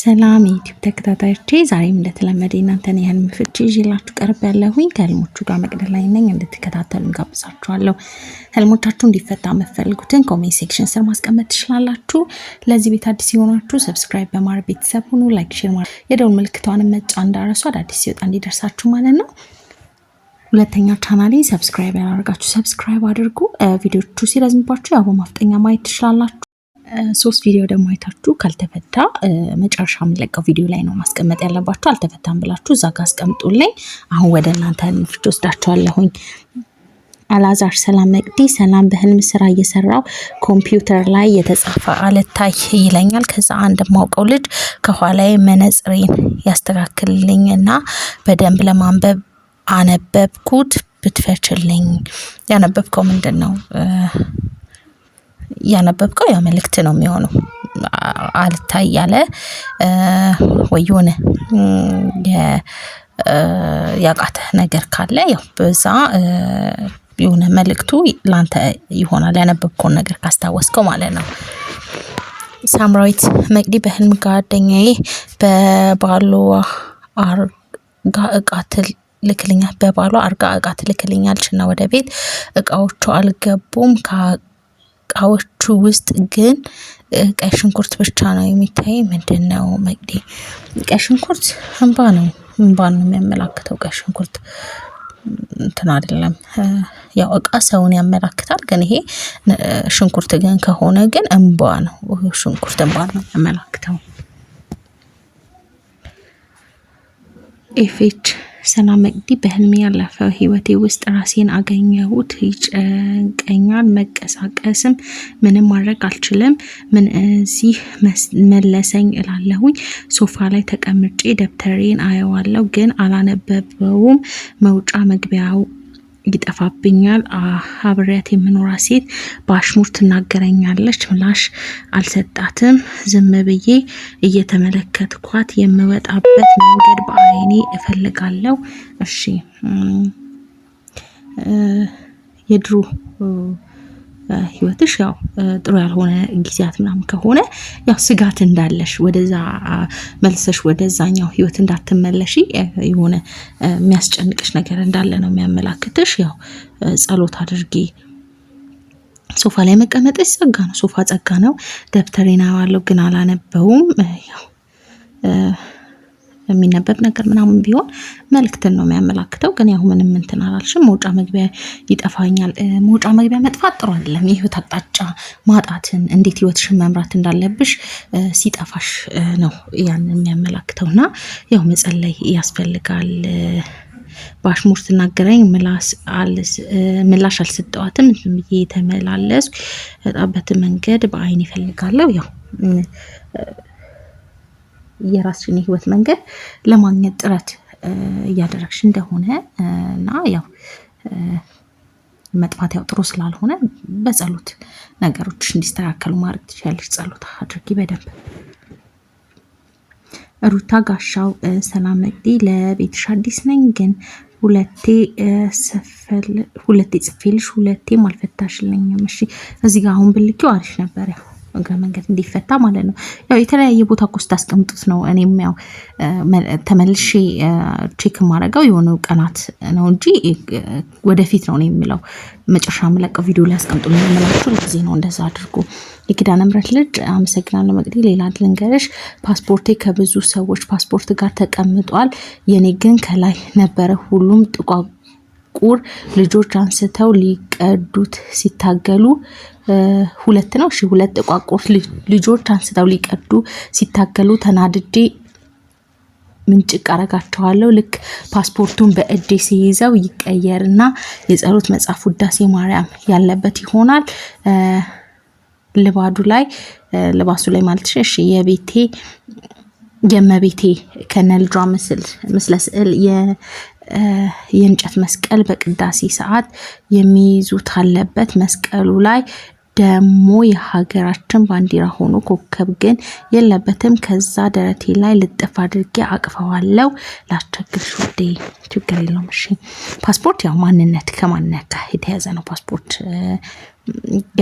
ሰላም የዩቲዩብ ተከታታዮቼ ዛሬም እንደተለመደ እናንተን የህልም ፍቺ ይዤላችሁ ቀርብ ያለሁኝ ከህልሞቹ ጋር መቅደል ላይ ነኝ። እንድትከታተሉን ጋብዛችኋለሁ። ህልሞቻችሁ እንዲፈታ የምትፈልጉትን ኮሜንት ሴክሽን ስር ማስቀመጥ ትችላላችሁ። ለዚህ ቤት አዲስ የሆናችሁ ሰብስክራይብ በማድረግ ቤተሰብ ሁኑ። ላይክ፣ ሼር ማድረግ የደውል ምልክቷን መጫ እንዳረሱ አዳዲስ ሲወጣ እንዲደርሳችሁ ማለት ነው። ሁለተኛ ቻናሌ ሰብስክራይብ ያላደርጋችሁ ሰብስክራይብ አድርጉ። ቪዲዮቹ ሲረዝምባችሁ ያው በማፍጠኛ ማየት ትችላላችሁ። ሶስት ቪዲዮ ደግሞ አይታችሁ ካልተፈታ መጨረሻ የምንለቀው ቪዲዮ ላይ ነው ማስቀመጥ ያለባችሁ። አልተፈታም ብላችሁ እዛ ጋ አስቀምጡልኝ። አሁን ወደ እናንተ ንፍች ወስዳችኋለሁኝ። አላዛር ሰላም መቅዲ ሰላም። በህልም ስራ እየሰራው ኮምፒውተር ላይ የተጻፈ አልታይ ይለኛል። ከዛ አንድ ማውቀው ልጅ ከኋላ መነጽሬን ያስተካክልልኝ እና በደንብ ለማንበብ አነበብኩት። ብትፈችልኝ። ያነበብከው ምንድን ነው? እያነበብከው ያ መልእክት ነው የሚሆነው። አልታይ ያለ ወይ የሆነ ነገር ካለ ያው በዛ የሆነ መልእክቱ ለአንተ ይሆናል፣ ያነበብከውን ነገር ካስታወስከው ማለት ነው። ሳምራዊት መቅዲ በህልም ጓደኛዬ በባሏ አርጋ እቃ ትልክልኛል በባሏ አርጋ እቃ ትልክልኛለች እና ወደ ቤት እቃዎቹ አልገቡም እቃዎቹ ውስጥ ግን ቀይ ሽንኩርት ብቻ ነው የሚታይ። ምንድነው መቅዲ? ቀይ ሽንኩርት እንባ ነው እንባ ነው የሚያመላክተው። ቀይ ሽንኩርት እንትን አይደለም ያው እቃ ሰውን ያመላክታል። ግን ይሄ ሽንኩርት ግን ከሆነ ግን እንባ ነው። ሽንኩርት እንባ ነው የሚያመላክተው። ኤፌች ሰላም መቅዲ በህልሜ ያለፈው ህይወቴ ውስጥ ራሴን አገኘሁት። ይጨንቀኛል፣ መቀሳቀስም ምንም ማድረግ አልችልም። ምን እዚህ መለሰኝ እላለሁኝ። ሶፋ ላይ ተቀምጬ ደብተሬን አየዋለሁ፣ ግን አላነበበውም። መውጫ መግቢያው ይጠፋብኛል። አብሬያት የምኖራት ሴት በአሽሙር ትናገረኛለች፣ ምላሽ አልሰጣትም። ዝም ብዬ እየተመለከትኳት የምወጣበት መንገድ በአይኔ እፈልጋለሁ። እሺ የድሮ ህይወትሽ ያው ጥሩ ያልሆነ ጊዜያት ምናምን ከሆነ ያው ስጋት እንዳለሽ ወደዛ መልሰሽ ወደዛኛው ህይወት እንዳትመለሽ የሆነ የሚያስጨንቅሽ ነገር እንዳለ ነው የሚያመላክትሽ። ያው ጸሎት አድርጊ። ሶፋ ላይ መቀመጥሽ ጸጋ ነው። ሶፋ ጸጋ ነው። ደብተሬን አያለሁ ግን አላነበውም ያው የሚነበብ ነገር ምናምን ቢሆን መልክትን ነው የሚያመላክተው። ግን ያው ምንም እንትን አላልሽም። መውጫ መግቢያ ይጠፋኛል። መውጫ መግቢያ መጥፋት ጥሩ አይደለም። የህይወት አቅጣጫ ማጣትን፣ እንዴት ህይወትሽን መምራት እንዳለብሽ ሲጠፋሽ ነው ያን የሚያመላክተው እና ያው መጸለይ ያስፈልጋል። በአሽሙር ትናገረኝ ምላሽ አልሰጠዋትም ብዬ ተመላለስኩ። በጣበት መንገድ በአይን ይፈልጋለሁ ያው የራስሽን የህይወት መንገድ ለማግኘት ጥረት እያደረግሽ እንደሆነ እና ያው መጥፋት ያው ጥሩ ስላልሆነ በጸሎት ነገሮች እንዲስተካከሉ ማድረግ ትችላለች። ጸሎት አድርጊ በደንብ። ሩታ ጋሻው ሰላም መቅዲ፣ ለቤትሽ አዲስ ነኝ ግን ሁለቴ ሁለቴ ጽፌልሽ ሁለቴም አልፈታሽልኝም። እሺ እዚህ ጋር አሁን ብልኪው አሪፍ ነበር ያው እግረ መንገድ እንዲፈታ ማለት ነው። ያው የተለያየ ቦታ እኮ ስታስቀምጡት ነው። እኔም ያው ተመልሼ ቼክ ማድረገው የሆነ ቀናት ነው እንጂ ወደፊት ነው የሚለው መጨረሻ የምለቀው ቪዲዮ ላይ አስቀምጡ የምላችሁ ጊዜ ነው። እንደዛ አድርጎ የኪዳነ ምሕረት ልጅ አመሰግናለሁ። መቅዲ፣ ሌላ ልንገርሽ፣ ፓስፖርቴ ከብዙ ሰዎች ፓስፖርት ጋር ተቀምጧል። የኔ ግን ከላይ ነበረ ሁሉም ጥቋ ጥቁር ልጆች አንስተው ሊቀዱት ሲታገሉ ሁለት ነው። እሺ ሁለት ጥቋቁር ልጆች አንስተው ሊቀዱ ሲታገሉ ተናድጄ ምንጭቅ አረጋቸዋለሁ። ልክ ፓስፖርቱን በእጄ ሲይዘው ይቀየርና የጸሎት መጽሐፍ ውዳሴ ማርያም ያለበት ይሆናል። ልባዱ ላይ ልባሱ ላይ ማለት እሺ የቤቴ የመቤቴ ከነልጇ ምስል ምስለ ስዕል የእንጨት መስቀል በቅዳሴ ሰዓት የሚይዙት አለበት። መስቀሉ ላይ ደግሞ የሀገራችን ባንዲራ ሆኖ ኮከብ ግን የለበትም። ከዛ ደረቴ ላይ ልጥፍ አድርጌ አቅፈዋለው። ላስቸግርሽ ውዴ፣ ችግር የለውም። እሺ ፓስፖርት ያው ማንነት ከማንነት ጋር የተያዘ ነው ፓስፖርት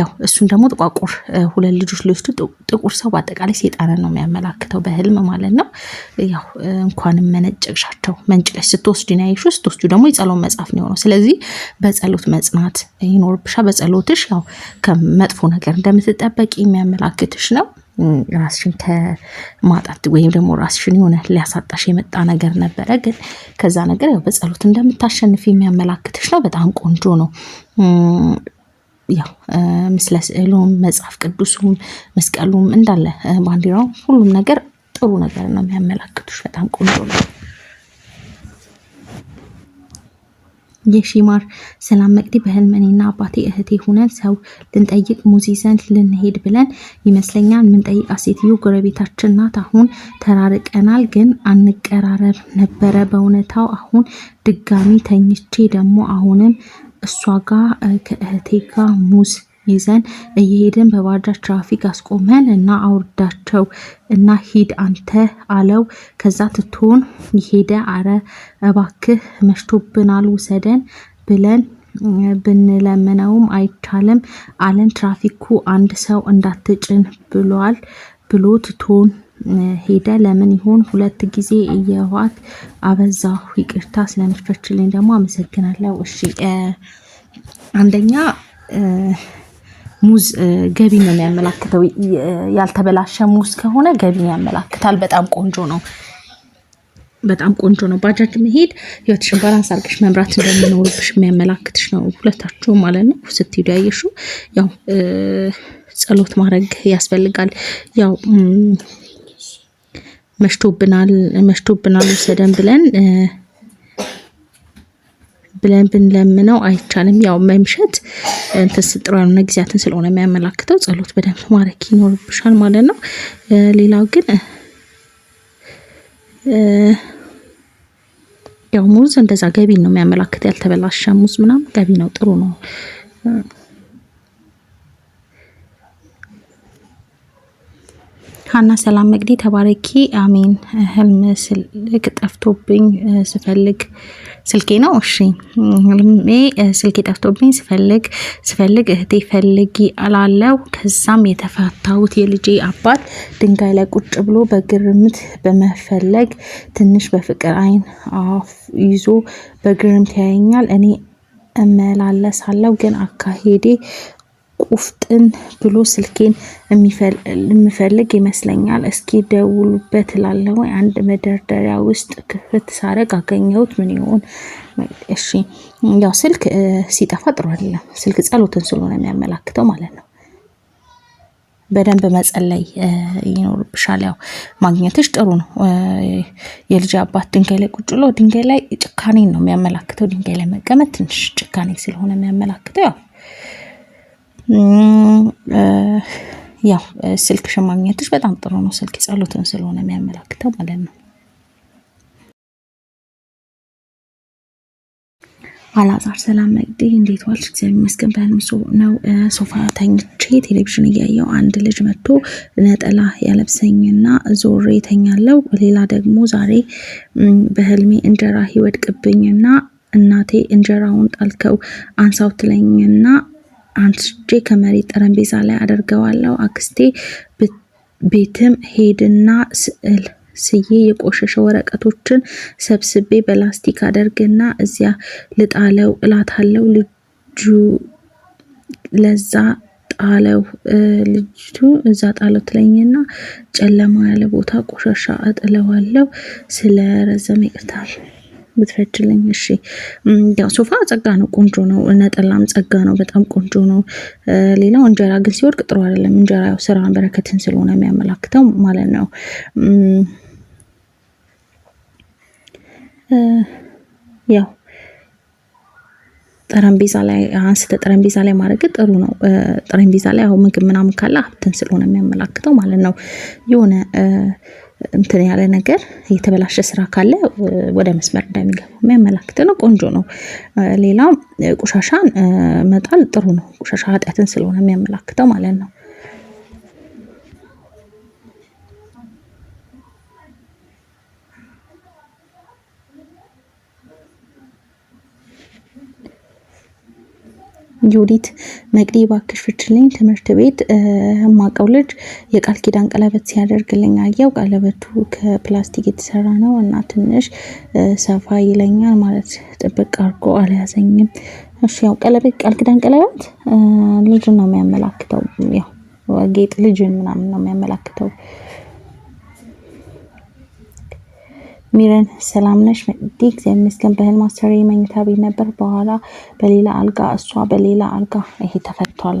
ያው እሱን ደግሞ ጥቋቁር ሁለት ልጆች ሊወስዱ ጥቁር ሰው በአጠቃላይ ሴጣንን ነው የሚያመላክተው በህልም ማለት ነው። ያው እንኳንም መነጨቅሻቸው መንጭቀሽ ስትወስድ ናይሹ ስትወስዱ ደግሞ የጸሎት መጽሐፍ ነው የሆነው። ስለዚህ በጸሎት መጽናት ይኖርብሻ። በጸሎትሽ ያው ከመጥፎ ነገር እንደምትጠበቂ የሚያመላክትሽ ነው። ራስሽን ከማጣት ወይም ደግሞ ራስሽን የሆነ ሊያሳጣሽ የመጣ ነገር ነበረ፣ ግን ከዛ ነገር ያው በጸሎት እንደምታሸንፍ የሚያመላክትሽ ነው። በጣም ቆንጆ ነው። ያው ምስለ ስዕሉም መጽሐፍ ቅዱሱም መስቀሉም እንዳለ ባንዲራው ሁሉም ነገር ጥሩ ነገር ነው የሚያመላክቱሽ። በጣም ቆንጆ ነው። የሺማር ሰላም መቅዲ በህልም አባቴ እህቴ ሆነን ሰው ልንጠይቅ ሙዚ ዘንድ ልንሄድ ብለን ይመስለኛል። ምንጠይቅ ሴትዮ ጎረቤታችን ናት። አሁን ተራርቀናል፣ ግን አንቀራረብ ነበረ። በእውነታው አሁን ድጋሚ ተኝቼ ደግሞ አሁንም እሷ ጋር ከእህቴ ጋር ሙዝ ይዘን እየሄድን በባህር ትራፊክ አስቆመን እና አውርዳቸው እና ሂድ አንተ አለው። ከዛ ትቶን ይሄደ። አረ እባክህ መሽቶብናል ውሰደን ብለን ብንለምነውም አይቻልም አለን። ትራፊኩ አንድ ሰው እንዳትጭን ብሏል ብሎ ትቶን ሄደ። ለምን ይሆን ሁለት ጊዜ እየዋት አበዛ ይቅርታ ስለምትፈችልኝ ደግሞ አመሰግናለሁ። እሺ አንደኛ ሙዝ ገቢ ነው የሚያመላክተው። ያልተበላሸ ሙዝ ከሆነ ገቢን ያመላክታል። በጣም ቆንጆ ነው። በጣም ቆንጆ ነው። ባጃጅ መሄድ ህይወትሽን ባላንስ አድርገሽ መምራት እንደሚኖርብሽ የሚያመላክትሽ ነው። ሁለታችሁ ማለት ነው ስትሄዱ ያየሽው። ያው ጸሎት ማድረግ ያስፈልጋል። ያው መሽቶብናል መሽቶብናል ውሰደን ብለን ብለን ብንለምነው አይቻልም። ያው መምሸት ተስጥሮ ጊዜያትን ስለሆነ የሚያመላክተው ጸሎት በደንብ ማድረግ ይኖርብሻል ማለት ነው። ሌላው ግን ያው ሙዝ እንደዛ ገቢ ነው የሚያመላክተው ያልተበላሸ ሙዝ ምናምን ገቢ ነው፣ ጥሩ ነው። ሀና ሰላም መቅዲ ተባረኪ። አሜን። ህልም ስልክ ጠፍቶብኝ ስፈልግ ስልኬ ነው። እሺ፣ ህልሜ ስልኬ ጠፍቶብኝ ስፈልግ ስፈልግ እህቴ ፈልጊ አላለው። ከዛም የተፈታሁት የልጄ አባት ድንጋይ ላይ ቁጭ ብሎ በግርምት በመፈለግ ትንሽ በፍቅር አይን አፍ ይዞ በግርምት ያየኛል። እኔ እመላለሳለሁ ግን አካሄዴ ቁፍጥን ብሎ ስልኬን የምፈልግ ይመስለኛል። እስኪ ደውሉበት እላለሁ። አንድ መደርደሪያ ውስጥ ክፍት ሳረግ አገኘሁት። ምን ይሆን? እሺ ያው ስልክ ሲጠፋ ጥሩ አይደለም። ስልክ ጸሎትን ስለሆነ የሚያመላክተው ማለት ነው። በደንብ መጸለይ ይኖርብሻል። ያው ማግኘትሽ ጥሩ ነው። የልጅ አባት ድንጋይ ላይ ቁጭ ብሎ ድንጋይ ላይ ጭካኔን ነው የሚያመላክተው። ድንጋይ ላይ መቀመጥ ትንሽ ጭካኔ ስለሆነ የሚያመላክተው ያው ያው ስልክ ማግኘትሽ በጣም ጥሩ ነው። ስልክ ጸሎትን ስለሆነ የሚያመላክተው ማለት ነው። አላዛር ሰላም መቅዲ፣ እንዴት ዋልሽ? እግዚአብሔር ይመስገን። በህልም ነው ሶፋ ተኝቼ ቴሌቪዥን እያየው አንድ ልጅ መጥቶ ነጠላ ያለብሰኝና ዞሬ ተኛለው። ሌላ ደግሞ ዛሬ በህልሜ እንጀራ ይወድቅብኝና እናቴ እንጀራውን ጣልከው አንሳው ትለኝና አንስቼ ከመሬት ጠረጴዛ ላይ አደርገዋለሁ። አክስቴ ቤትም ሄድና ስዕል ስዬ የቆሸሸ ወረቀቶችን ሰብስቤ በላስቲክ አደርግና እዚያ ልጣለው እላታለው። ልጁ ለዛ ጣለው ልጅቱ እዛ ጣለው ትለኝና ጨለማ ያለ ቦታ ቆሻሻ እጥለዋለው። ስለ ረዘመ ይቅርታል። ብትፈችልኝ። እሺ ያው ሶፋ ጸጋ ነው፣ ቆንጆ ነው። ነጠላም ጸጋ ነው፣ በጣም ቆንጆ ነው። ሌላው እንጀራ ግን ሲወድቅ ጥሩ አይደለም። እንጀራ ያው ስራ በረከትን ስለሆነ የሚያመላክተው ማለት ነው። ያው ጠረጴዛ ላይ አንስተ ጠረጴዛ ላይ ማድረግ ጥሩ ነው። ጠረጴዛ ላይ አሁን ምግብ ምናምን ካለ ሀብትን ስለሆነ የሚያመላክተው ማለት ነው የሆነ እንትን ያለ ነገር የተበላሸ ስራ ካለ ወደ መስመር እንደሚገባ የሚያመላክት ነው። ቆንጆ ነው። ሌላው ቆሻሻን መጣል ጥሩ ነው። ቆሻሻ ኃጢአትን ስለሆነ የሚያመላክተው ማለት ነው። ዮዲት መቅዲ ባክሽ ፍችልኝ፣ ትምህርት ቤት የማውቀው ልጅ የቃል ኪዳን ቀለበት ሲያደርግልኝ አየው። ቀለበቱ ከፕላስቲክ የተሰራ ነው እና ትንሽ ሰፋ ይለኛል ማለት ጥብቅ አድርጎ አልያዘኝም። እሺ ያው ቀለበት ቃል ኪዳን ቀለበት ልጅ ነው የሚያመላክተው፣ ያው ጌጥ ልጅን ምናምን ነው የሚያመላክተው። ሚረን ሰላም ነሽ? መቅዲ ጊዜ ምስገን በህል አሰሪ መኝታ ቤት ነበር። በኋላ በሌላ አልጋ እሷ በሌላ አልጋ። ይሄ ተፈቷል።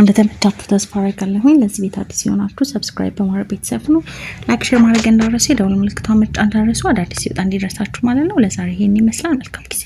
እንደተመቻችሁ ተስፋ አደርጋለሁኝ። ለዚህ ቤት አዲስ የሆናችሁ ሰብስክራይብ በማድረግ ቤተሰብ ነው። ላይክ፣ ሼር ማድረግ እንዳረሱ የደውል ምልክቷ ምርጫ እንዳረሱ አዳዲስ ሲወጣ እንዲደርሳችሁ ማለት ነው። ለዛሬ ይሄን ይመስላል። መልካም ጊዜ